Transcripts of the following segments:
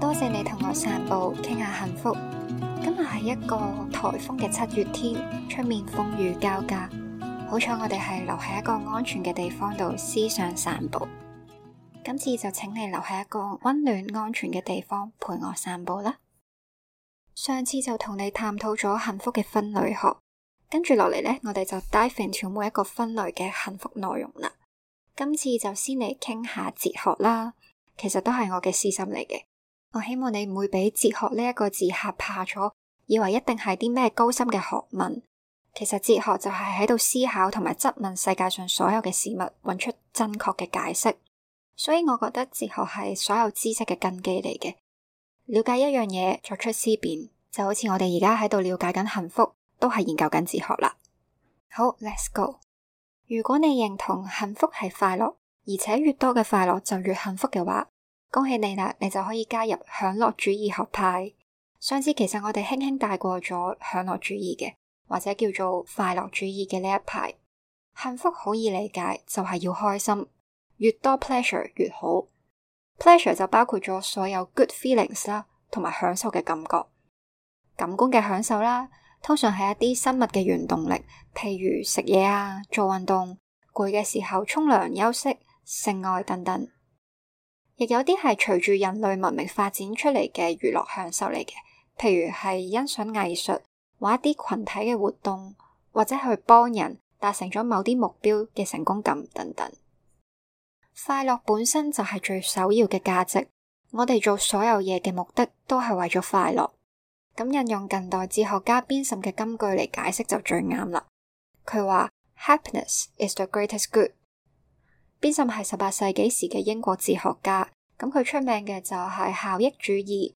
多謝你同我散步，傾下幸福。今日係一個台風嘅七月天，出面風雨交加。好彩我哋係留喺一個安全嘅地方度思想散步。今次就請你留喺一個溫暖、安全嘅地方陪我散步啦。上次就同你探討咗幸福嘅分類學，跟住落嚟呢，我哋就 dive into 每一個分類嘅幸福內容啦。今次就先嚟傾下哲學啦，其實都係我嘅私心嚟嘅。我希望你唔會俾哲學呢一個字嚇怕咗，以為一定係啲咩高深嘅學問。其實哲學就係喺度思考同埋質問世界上所有嘅事物，搵出正確嘅解釋。所以我覺得哲學係所有知識嘅根基嚟嘅。了解一樣嘢，作出思辨，就好似我哋而家喺度了解緊幸福，都係研究緊哲學啦。好，let's go。如果你認同幸福係快樂，而且越多嘅快樂就越幸福嘅話，恭喜你啦，你就可以加入享樂主義學派。上次其實我哋輕輕帶過咗享樂主義嘅，或者叫做快樂主義嘅呢一派。幸福好易理解，就係要開心，越多 pleasure 越好。pleasure 就包括咗所有 good feelings 啦，同埋享受嘅感覺、感官嘅享受啦。通常係一啲生物嘅原動力，譬如食嘢啊、做運動、攰嘅時候沖涼休息、性愛等等。亦有啲係隨住人類文明發展出嚟嘅娛樂享受嚟嘅，譬如係欣賞藝術，玩一啲群體嘅活動，或者去幫人達成咗某啲目標嘅成功感等等。快樂本身就係最首要嘅價值，我哋做所有嘢嘅目的都係為咗快樂。咁引用近代哲學家邊沁嘅金句嚟解釋就最啱啦。佢話：Happiness is the greatest good. 邊沁係十八世紀時嘅英國哲學家，咁佢出名嘅就係效益主義，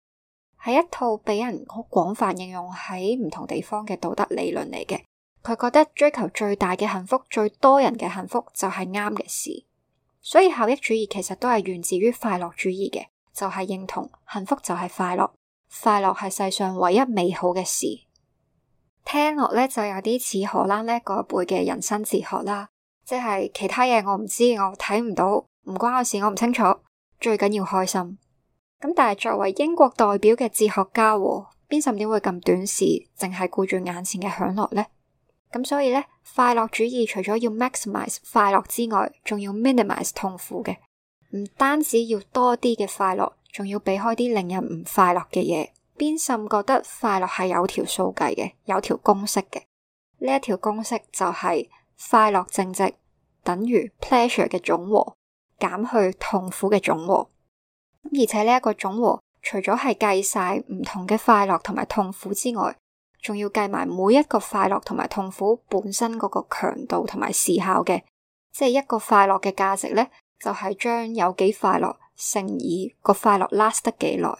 係一套俾人好廣泛應用喺唔同地方嘅道德理論嚟嘅。佢覺得追求最大嘅幸福、最多人嘅幸福就係啱嘅事，所以效益主義其實都係源自於快樂主義嘅，就係、是、認同幸福就係快樂，快樂係世上唯一美好嘅事。聽落咧就有啲似荷蘭呢個輩嘅人生哲學啦。即係其他嘢，我唔知，我睇唔到，唔關我事，我唔清楚。最緊要開心。咁但係作為英國代表嘅哲學家喎，邊甚點會咁短視，淨係顧住眼前嘅享樂呢？咁所以呢，快樂主義除咗要 maximize 快樂之外，仲要 minimize 痛苦嘅，唔單止要多啲嘅快樂，仲要避開啲令人唔快樂嘅嘢。邊沁覺得快樂係有條數計嘅，有條公式嘅？呢一條公式就係、是。快樂正值等於 pleasure 嘅總和減去痛苦嘅總和。而且呢一個總和除咗係計晒唔同嘅快樂同埋痛苦之外，仲要計埋每一個快樂同埋痛苦本身嗰個強度同埋時效嘅，即係一個快樂嘅價值咧，就係將有幾快樂乘以個快樂 last 得幾耐，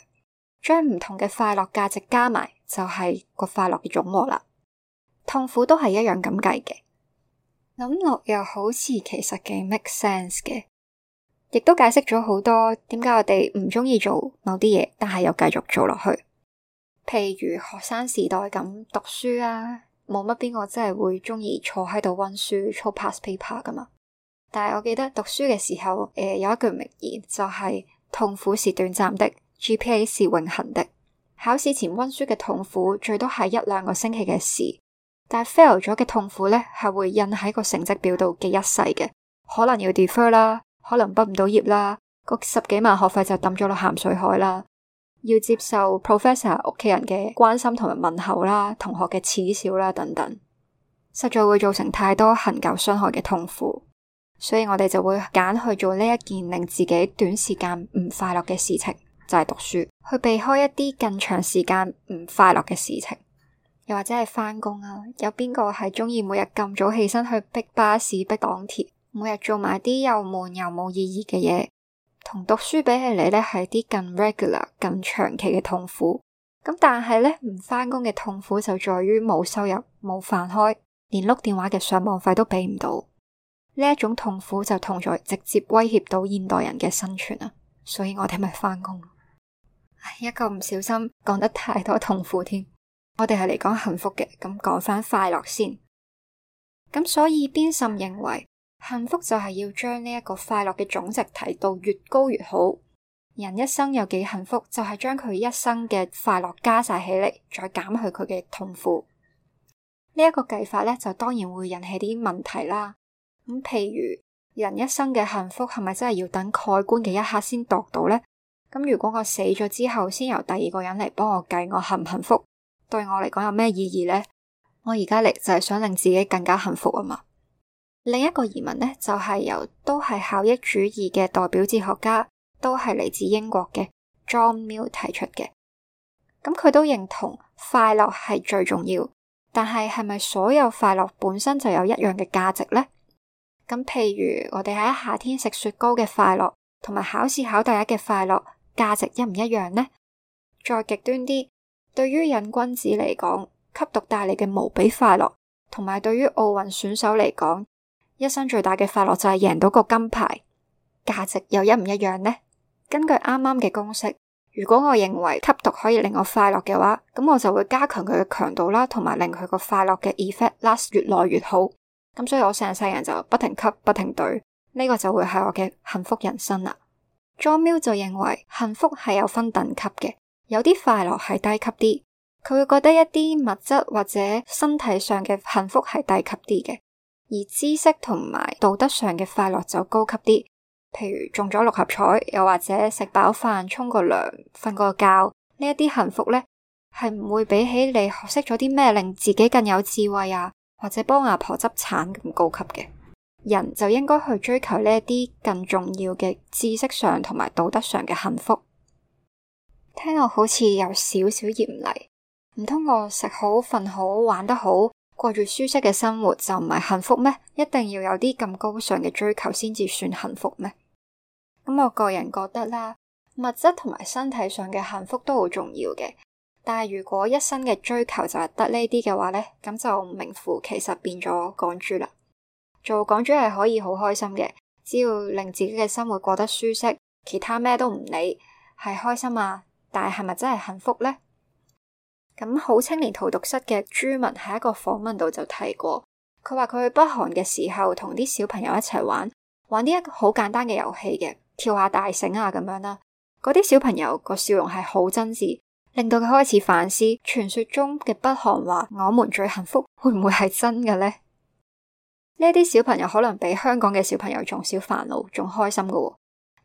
將唔同嘅快樂價值加埋就係個快樂嘅總和啦。痛苦都係一樣咁計嘅。諗落又好似其實幾 make sense 嘅，亦都解釋咗好多點解我哋唔中意做某啲嘢，但係又繼續做落去。譬如學生時代咁讀書啊，冇乜邊個真係會中意坐喺度溫書、操 pass paper 噶嘛。但係我記得讀書嘅時候，誒、呃、有一句名言就係、是、痛苦是短暫的，GPA 是永恆的。考試前溫書嘅痛苦最多係一兩個星期嘅事。但係 fail 咗嘅痛苦咧，係會印喺個成績表度記一世嘅，可能要 defer 啦，可能畢唔到業啦，個十幾萬學費就抌咗落鹹水海啦，要接受 professor 屋企人嘅關心同埋問候啦，同學嘅恥笑啦，等等，實在會造成太多恒久傷害嘅痛苦，所以我哋就會揀去做呢一件令自己短時間唔快樂嘅事情，就係讀書，去避開一啲更長時間唔快樂嘅事情。又或者係翻工啊？有邊個係中意每日咁早起身去逼巴士、逼港鐵？每日做埋啲又悶又冇意義嘅嘢，同讀書比起嚟咧，係啲更 regular、更長期嘅痛苦。咁但係咧，唔翻工嘅痛苦就在於冇收入、冇飯開，連碌電話嘅上網費都俾唔到。呢一種痛苦就同在直接威脅到現代人嘅生存啊！所以我哋咪翻工咯。唉，一個唔小心講得太多痛苦添。我哋係嚟講幸福嘅，咁講返快樂先。咁所以邊沁認為幸福就係要將呢一個快樂嘅總值提到越高越好。人一生有幾幸福，就係將佢一生嘅快樂加晒起嚟，再減去佢嘅痛苦。呢一個計法咧，就當然會引起啲問題啦。咁譬如人一生嘅幸福係咪真係要等蓋棺嘅一刻先度到咧？咁如果我死咗之後，先由第二個人嚟幫我計我幸唔幸福？對我嚟講有咩意義呢？我而家嚟就係想令自己更加幸福啊嘛。另一個疑問呢，就係由都係效益主義嘅代表哲學家，都係嚟自英國嘅 John Mill 提出嘅。咁佢都認同快樂係最重要，但係係咪所有快樂本身就有一樣嘅價值呢？咁譬如我哋喺夏天食雪糕嘅快樂，同埋考試考第一嘅快樂，價值一唔一樣呢？再極端啲。對於癮君子嚟講，吸毒帶嚟嘅無比快樂，同埋對於奧運選手嚟講，一生最大嘅快樂就係贏到個金牌，價值又一唔一樣呢？根據啱啱嘅公式，如果我認為吸毒可以令我快樂嘅話，咁我就會加強佢嘅強度啦，同埋令佢個快樂嘅 effect last 越嚟越好。咁所以，我成世人就不停吸，不停對，呢、這個就會係我嘅幸福人生啦。John Mill 就認為幸福係有分等級嘅。有啲快樂係低級啲，佢會覺得一啲物質或者身體上嘅幸福係低級啲嘅，而知識同埋道德上嘅快樂就高級啲。譬如中咗六合彩，又或者食飽飯、沖個涼、瞓個覺呢一啲幸福咧，係唔會比起你學識咗啲咩令自己更有智慧啊，或者幫阿婆執鏟咁高級嘅。人就應該去追求呢一啲更重要嘅知識上同埋道德上嘅幸福。聽落好似有少少嚴厲，唔通我食好、瞓好、玩得好，過住舒適嘅生活就唔係幸福咩？一定要有啲咁高尚嘅追求先至算幸福咩？咁我個人覺得啦，物質同埋身體上嘅幸福都好重要嘅。但係如果一生嘅追求就係得呢啲嘅話咧，咁就名副其實變咗港豬啦。做港豬係可以好開心嘅，只要令自己嘅生活過得舒適，其他咩都唔理，係開心啊！但係係咪真係幸福咧？咁好青年荼毒室嘅豬文喺一個訪問度就提過，佢話佢去北韓嘅時候，同啲小朋友一齊玩玩啲一個好簡單嘅遊戲嘅，跳下大繩啊咁樣啦。嗰啲小朋友個笑容係好真摯，令到佢開始反思傳說中嘅北韓話，我們最幸福會唔會係真嘅咧？呢啲小朋友可能比香港嘅小朋友仲少煩惱，仲開心噶、哦。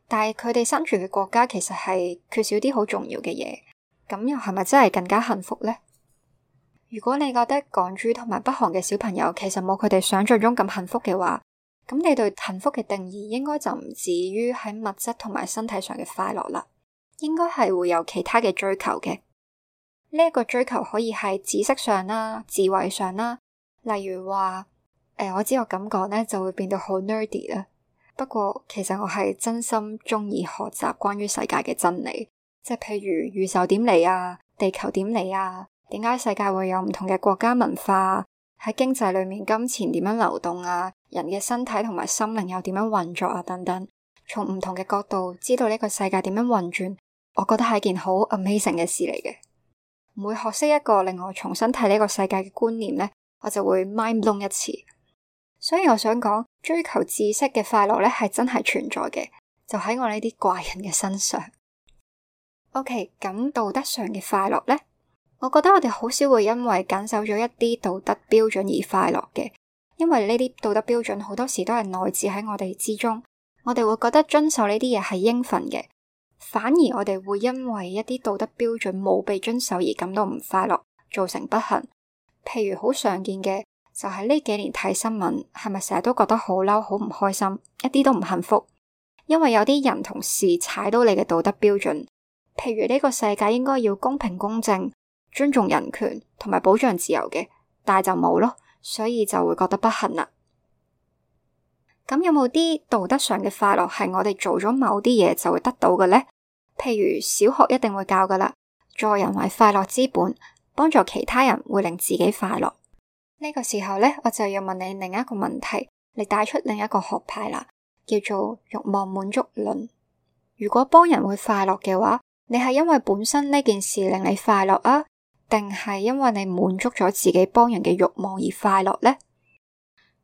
但係佢哋生存嘅國家其實係缺少啲好重要嘅嘢，咁又係咪真係更加幸福咧？如果你覺得港豬同埋北韓嘅小朋友其實冇佢哋想象中咁幸福嘅話，咁你對幸福嘅定義應該就唔止於喺物質同埋身體上嘅快樂啦，應該係會有其他嘅追求嘅。呢一個追求可以喺知識上啦、智慧上啦，例如話誒、呃，我知我咁講咧就會變到好 nerdy 啦。不過其實我係真心鍾意學習關於世界嘅真理，即係譬如宇宙點嚟啊，地球點嚟啊，點解世界會有唔同嘅國家文化，喺經濟裏面金錢點樣流動啊，人嘅身體同埋心靈又點樣運作啊，等等，從唔同嘅角度知道呢個世界點樣運轉，我覺得係件好 amazing 嘅事嚟嘅。每學識一個令我重新睇呢個世界嘅觀念呢，我就會 mind blown 一次。所以我想講，追求知識嘅快樂咧，係真係存在嘅，就喺我呢啲怪人嘅身上。OK，咁道德上嘅快樂咧，我覺得我哋好少會因為緊守咗一啲道德標準而快樂嘅，因為呢啲道德標準好多時都係內置喺我哋之中，我哋會覺得遵守呢啲嘢係應份嘅，反而我哋會因為一啲道德標準冇被遵守而感到唔快樂，造成不幸。譬如好常見嘅。就係呢幾年睇新聞，係咪成日都覺得好嬲，好唔開心，一啲都唔幸福？因為有啲人同事踩到你嘅道德標準，譬如呢個世界應該要公平公正、尊重人權同埋保障自由嘅，但係就冇咯，所以就會覺得不幸啦。咁有冇啲道德上嘅快樂係我哋做咗某啲嘢就會得到嘅呢？譬如小學一定會教噶啦，助人為快樂之本，幫助其他人會令自己快樂。呢個時候咧，我就要問你另一個問題，你帶出另一個學派啦，叫做欲望滿足論。如果幫人會快樂嘅話，你係因為本身呢件事令你快樂啊，定係因為你滿足咗自己幫人嘅欲望而快樂呢？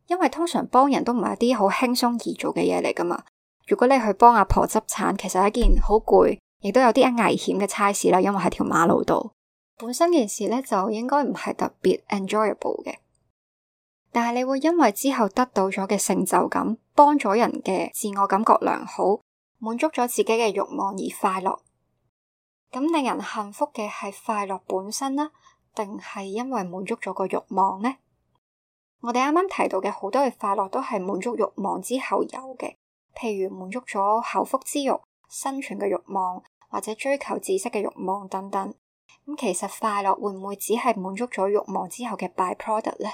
因為通常幫人都唔係一啲好輕鬆易做嘅嘢嚟噶嘛。如果你去幫阿婆執產，其實係一件好攰，亦都有啲危險嘅差事啦。因為喺條馬路度，本身件事咧就應該唔係特別 enjoyable 嘅。但係你會因為之後得到咗嘅成就感，幫咗人嘅自我感覺良好，滿足咗自己嘅欲望而快樂。咁令人幸福嘅係快樂本身呢，定係因為滿足咗個欲望呢？我哋啱啱提到嘅好多嘅快樂都係滿足欲望之後有嘅，譬如滿足咗口腹之欲、生存嘅欲望，或者追求知識嘅欲望等等。咁其實快樂會唔會只係滿足咗欲望之後嘅 byproduct 呢？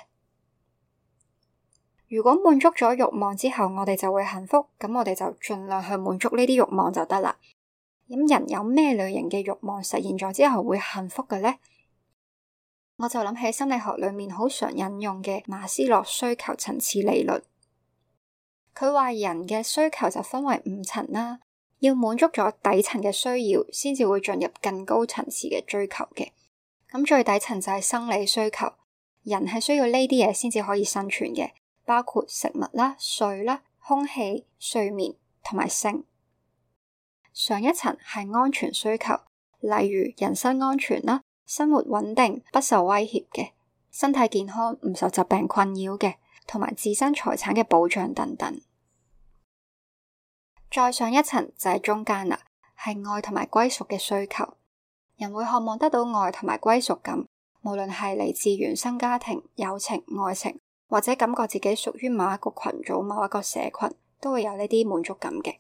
如果滿足咗欲望之後，我哋就會幸福，咁我哋就盡量去滿足呢啲欲望就得啦。咁人有咩類型嘅欲望實現咗之後會幸福嘅呢？我就諗起心理學裏面好常引用嘅馬斯洛需求層次理論。佢話人嘅需求就分為五層啦，要滿足咗底層嘅需要，先至會進入更高層次嘅追求嘅。咁最底層就係生理需求，人係需要呢啲嘢先至可以生存嘅。包括食物啦、水啦、空氣、睡眠同埋性。上一層係安全需求，例如人身安全啦、生活穩定不受威脅嘅、身體健康唔受疾病困擾嘅，同埋自身財產嘅保障等等。再上一層就係中間啦，係愛同埋歸屬嘅需求。人會渴望得到愛同埋歸屬感，無論係嚟自原生家庭、友情、愛情。或者感覺自己屬於某一個群組、某一個社群，都會有呢啲滿足感嘅。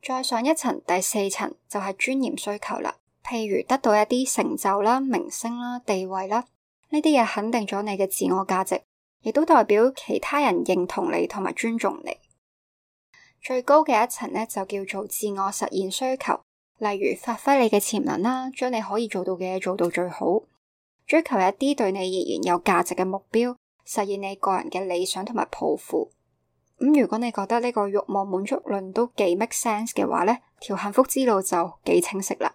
再上一層，第四層就係、是、尊嚴需求啦，譬如得到一啲成就啦、名聲啦、地位啦，呢啲嘢肯定咗你嘅自我價值，亦都代表其他人認同你同埋尊重你。最高嘅一層呢，就叫做自我實現需求，例如發揮你嘅潛能啦，將你可以做到嘅嘢做到最好。追求一啲對你而言有價值嘅目標，實現你個人嘅理想同埋抱負。咁、嗯、如果你覺得呢個欲望滿足論都幾 make sense 嘅話，呢條幸福之路就幾清晰啦。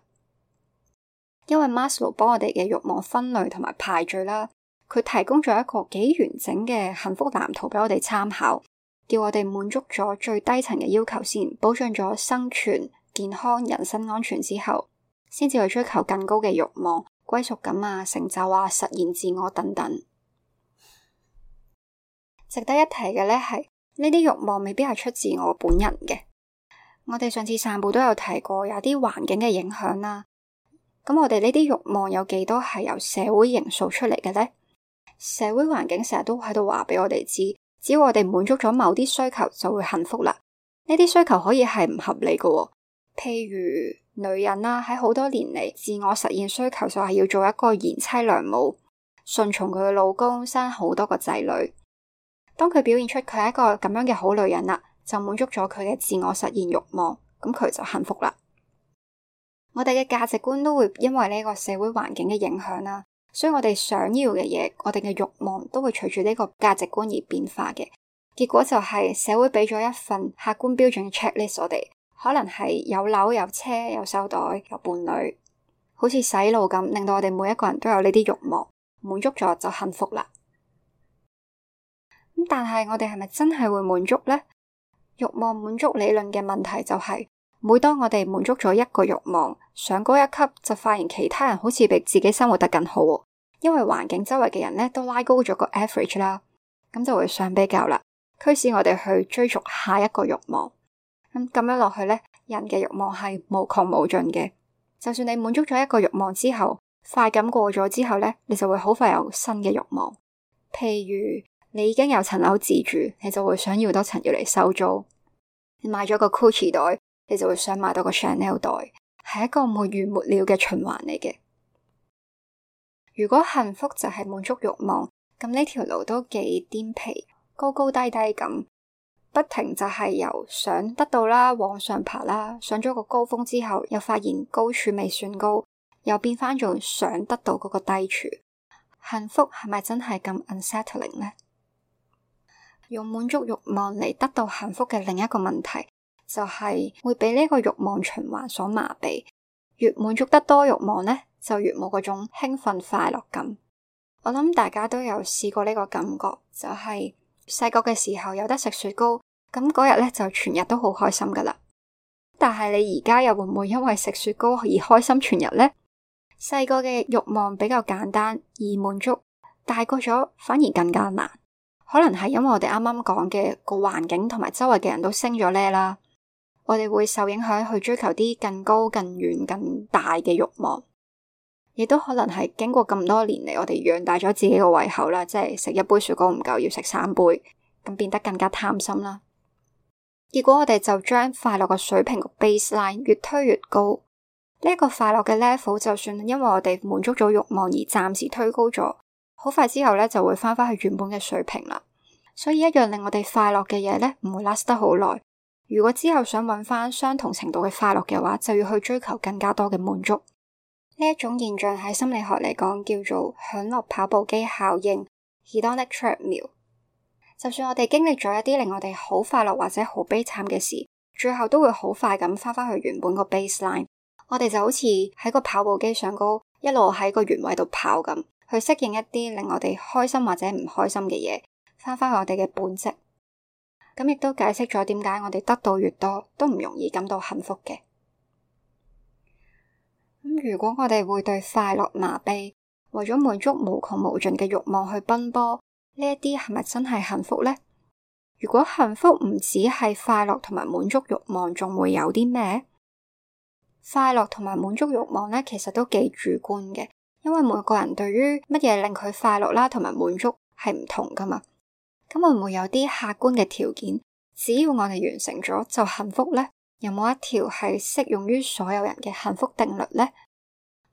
因為 Maslow 幫我哋嘅欲望分類同埋排序啦，佢提供咗一個幾完整嘅幸福藍圖俾我哋參考，叫我哋滿足咗最低層嘅要求先，保障咗生存、健康、人身安全之後，先至去追求更高嘅欲望。歸屬感啊、成就啊、實現自我等等，值得一提嘅呢係呢啲欲望未必係出自我本人嘅。我哋上次散步都有提過有環、啊，有啲環境嘅影響啦。咁我哋呢啲欲望有幾多係由社會因素出嚟嘅呢？社會環境成日都喺度話俾我哋知，只要我哋滿足咗某啲需求就會幸福啦。呢啲需求可以係唔合理嘅，哦，譬如。女人啦、啊，喺好多年嚟，自我實現需求就係要做一個賢妻良母，順從佢嘅老公，生好多個仔女。當佢表現出佢係一個咁樣嘅好女人啦，就滿足咗佢嘅自我實現欲望，咁佢就幸福啦。我哋嘅價值觀都會因為呢個社會環境嘅影響啦，所以我哋想要嘅嘢，我哋嘅欲望都會隨住呢個價值觀而變化嘅。結果就係社會俾咗一份客觀標準嘅 checklist 我哋。可能係有樓、有車、有手袋、有伴侶，好似洗腦咁，令到我哋每一個人都有呢啲欲望，滿足咗就幸福啦。咁但係我哋係咪真係會滿足呢？欲望滿足理論嘅問題就係，每當我哋滿足咗一個欲望，上高一級就發現其他人好似比自己生活得更好，因為環境周圍嘅人呢都拉高咗個 average 啦，咁就會上比較啦，驅使我哋去追逐下一個欲望。咁咁樣落去咧，人嘅欲望係無窮無盡嘅。就算你滿足咗一個欲望之後，快感過咗之後咧，你就會好快有新嘅欲望。譬如你已經有層樓自住，你就會想要多層要嚟收租。你買咗個 Gucci 袋，你就會想買多個 Chanel 袋，係一個沒完沒了嘅循環嚟嘅。如果幸福就係滿足欲望，咁呢條路都幾癲皮，高高低低咁。不停就係由想得到啦往上爬啦，上咗個高峰之後，又發現高處未算高，又變翻做想得到嗰個低處。幸福係咪真係咁 unsettling 呢？用滿足欲望嚟得到幸福嘅另一個問題，就係會俾呢個欲望循環所麻痹。越滿足得多欲望呢就越冇嗰種興奮快樂感。我諗大家都有試過呢個感覺，就係。細個嘅時候有得食雪糕。咁嗰日咧就全日都好開心噶啦。但係你而家又會唔會因為食雪糕而開心全日咧？細個嘅欲望比較簡單，易滿足，大個咗反而更加難。可能係因為我哋啱啱講嘅個環境同埋周圍嘅人都升咗呢啦，我哋會受影響去追求啲更高、更遠、更大嘅欲望。亦都可能係經過咁多年嚟，我哋養大咗自己個胃口啦，即係食一杯雪糕唔夠，要食三杯，咁變得更加貪心啦。結果我哋就將快樂嘅水平個 baseline 越推越高。呢個快樂嘅 level 就算因為我哋滿足咗欲望而暫時推高咗，好快之後咧，就會翻翻去原本嘅水平啦。所以一樣令我哋快樂嘅嘢咧唔會 last 得好耐。如果之後想揾翻相同程度嘅快樂嘅話，就要去追求更加多嘅滿足。呢一種現象喺心理學嚟講叫做享樂跑步機效應，Hedonic treadmill，就算我哋經歷咗一啲令我哋好快樂或者好悲慘嘅事，最後都會好快咁翻返去原本個 baseline。我哋就好似喺個跑步機上高，一路喺個原位度跑咁，去適應一啲令我哋開心或者唔開心嘅嘢，翻返去我哋嘅本質。咁亦都解釋咗點解我哋得到越多都唔容易感到幸福嘅。咁如果我哋會對快樂麻痹，為咗滿足無窮無盡嘅慾望去奔波，呢一啲係咪真係幸福呢？如果幸福唔只係快樂同埋滿足慾望，仲會有啲咩？快樂同埋滿足慾望咧，其實都幾主觀嘅，因為每個人對於乜嘢令佢快樂啦，同埋滿足係唔同噶嘛。咁會唔會有啲客觀嘅條件，只要我哋完成咗就幸福咧？有冇一條係適用於所有人嘅幸福定律呢？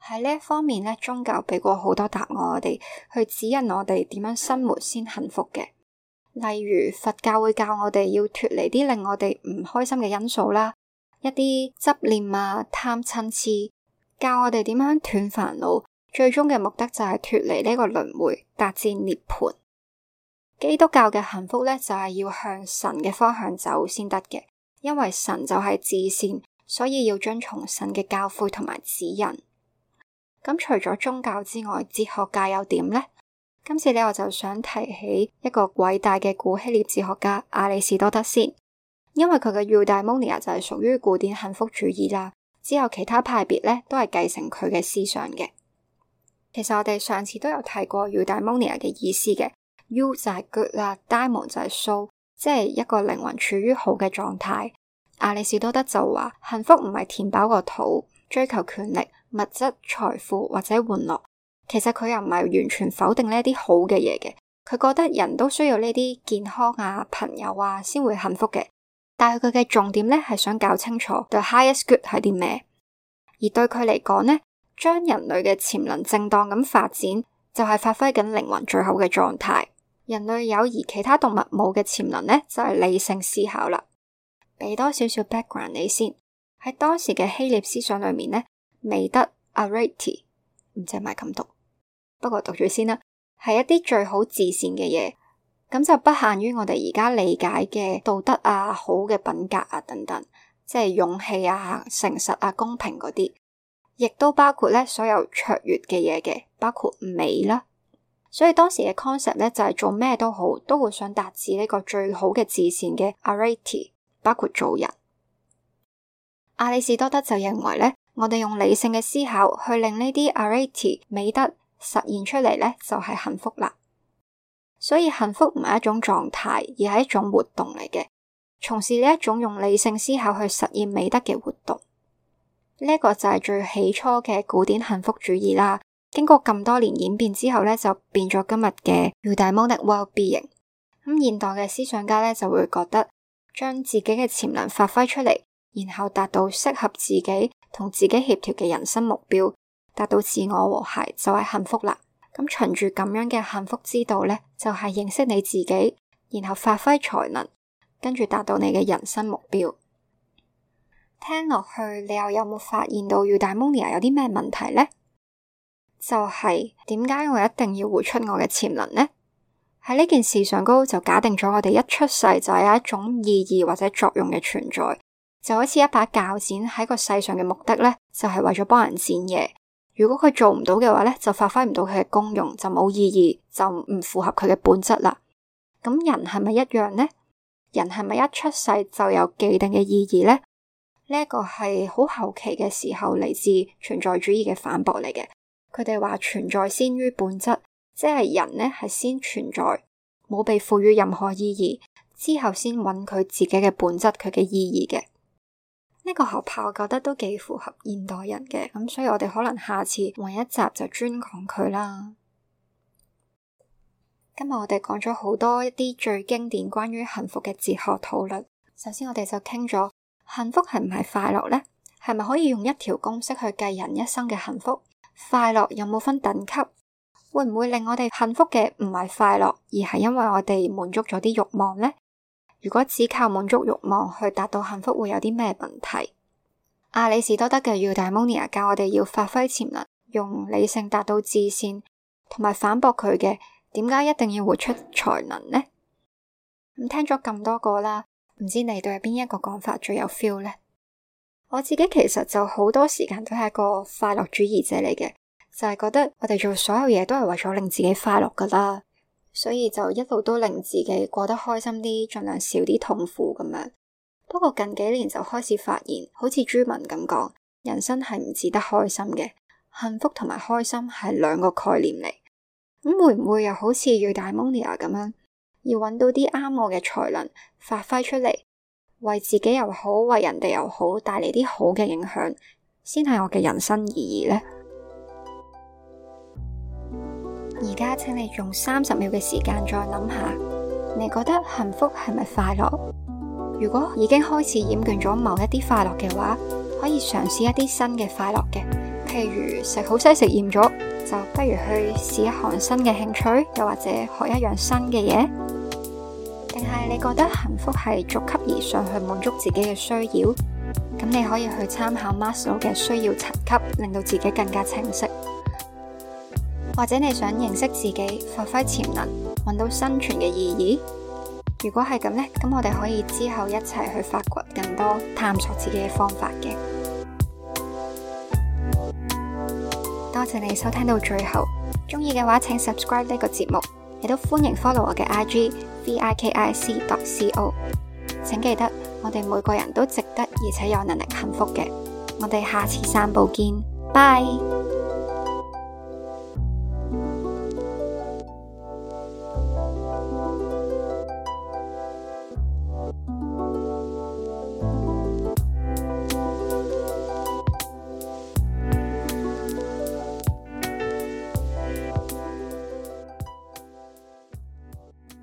喺呢一方面咧，宗教俾過好多答案我，我哋去指引我哋點樣生活先幸福嘅。例如佛教會教我哋要脫離啲令我哋唔開心嘅因素啦，一啲執念啊、貪嗔癡，教我哋點樣斷煩惱，最終嘅目的就係脫離呢個輪回，達至涅槃。基督教嘅幸福呢，就係、是、要向神嘅方向走先得嘅。因為神就係至善，所以要遵從神嘅教誨同埋指引。咁除咗宗教之外，哲學界又點呢？今次咧我就想提起一個偉大嘅古希臘哲學家亞里士多德先，因為佢嘅 eudaimonia 就係屬於古典幸福主義啦。之後其他派別咧都係繼承佢嘅思想嘅。其實我哋上次都有提過 eudaimonia 嘅意思嘅 u 就係 good 啦 daimon 就係 so。即係一個靈魂處於好嘅狀態，亞里士多德就話幸福唔係填飽個肚，追求權力、物質、財富或者玩樂，其實佢又唔係完全否定呢啲好嘅嘢嘅，佢覺得人都需要呢啲健康啊、朋友啊，先會幸福嘅。但係佢嘅重點咧係想搞清楚對 highest good 係啲咩，而對佢嚟講咧，將人類嘅潛能正當咁發展，就係發揮緊靈魂最好嘅狀態。人類有而其他動物冇嘅潛能咧，就係理性思考啦。俾多少少 background 你先，喺當時嘅希臘思想裏面咧，美德 arete，唔知係咪咁讀，不過讀住先啦。係一啲最好至善嘅嘢，咁就不限於我哋而家理解嘅道德啊、好嘅品格啊等等，即係勇氣啊、誠實啊、公平嗰啲，亦都包括咧所有卓越嘅嘢嘅，包括美啦。所以當時嘅 concept 咧，就係做咩都好，都會想達至呢個最好嘅至善嘅 aretty，包括做人。亞里士多德就認為咧，我哋用理性嘅思考去令呢啲 aretty 美德實現出嚟咧，就係、是、幸福啦。所以幸福唔係一種狀態，而係一種活動嚟嘅，從事呢一種用理性思考去實現美德嘅活動。呢、這、一個就係最起初嘅古典幸福主義啦。經過咁多年演變之後咧，就變咗今日嘅 Eudaimonic Wellbeing。咁現代嘅思想家咧，就會覺得將自己嘅潛能發揮出嚟，然後達到適合自己同自己協調嘅人生目標，達到自我和諧就係幸福啦。咁循住咁樣嘅幸福之道咧，就係認識你自己，然後發揮才能，跟住達到你嘅人生目標。聽落去，你又有冇發現到 Eudaimonia 有啲咩問題咧？就係點解我一定要活出我嘅潛能呢？喺呢件事上高就假定咗我哋一出世就有一種意義或者作用嘅存在，就好似一把鉸剪喺個世上嘅目的咧，就係為咗幫人剪嘢。如果佢做唔到嘅話咧，就發揮唔到佢嘅功用，就冇意義，就唔符合佢嘅本質啦。咁人係咪一樣呢？人係咪一出世就有既定嘅意義咧？呢一個係好後期嘅時候嚟自存在主義嘅反駁嚟嘅。佢哋話存在先於本質，即係人呢係先存在，冇被賦予任何意義之後，先揾佢自己嘅本質，佢嘅意義嘅呢個學派，我覺得都幾符合現代人嘅咁，所以我哋可能下次揾一集就專講佢啦。今日我哋講咗好多一啲最經典關於幸福嘅哲學討論。首先我，我哋就傾咗幸福係唔係快樂呢？係咪可以用一條公式去計人一生嘅幸福？快樂有冇分等級？會唔會令我哋幸福嘅唔係快樂，而係因為我哋滿足咗啲欲望呢？如果只靠滿足欲望去達到幸福，會有啲咩問題？亞里士多德嘅《Eudaimonia》教我哋要發揮潛能，用理性達到至善，同埋反駁佢嘅「點解一定要活出才能呢？」咁聽咗咁多個啦，唔知你對邊一個講法最有 feel 呢？我自己其實就好多時間都係一個快樂主義者嚟嘅，就係覺得我哋做所有嘢都係為咗令自己快樂噶啦，所以就一路都令自己過得開心啲，盡量少啲痛苦咁樣。不過近幾年就開始發現，好似朱文咁講，人生係唔止得開心嘅，幸福同埋開心係兩個概念嚟。咁會唔會又好似 eudaimonia 咁樣，要揾到啲啱我嘅才能發揮出嚟？為自己又好，為人哋又好，帶嚟啲好嘅影響，先係我嘅人生意義呢。而家請你用三十秒嘅時間再諗下，你覺得幸福係咪快樂？如果已經開始厭倦咗某一啲快樂嘅話，可以嘗試一啲新嘅快樂嘅，譬如食好食食厭咗，就不如去試一行新嘅興趣，又或者學一樣新嘅嘢。但係你覺得幸福係逐級而上去滿足自己嘅需要，咁你可以去參考 Maslow 嘅需要層級，令到自己更加清晰。或者你想認識自己、發揮潛能、搵到生存嘅意義？如果係咁呢，咁我哋可以之後一齊去發掘更多探索自己嘅方法嘅。多謝你收聽到最後，中意嘅話請 subscribe 呢個節目，亦都歡迎 follow 我嘅 IG。V I K I C dot C O。請記得，我哋每個人都值得而且有能力幸福嘅。我哋下次散步見，拜。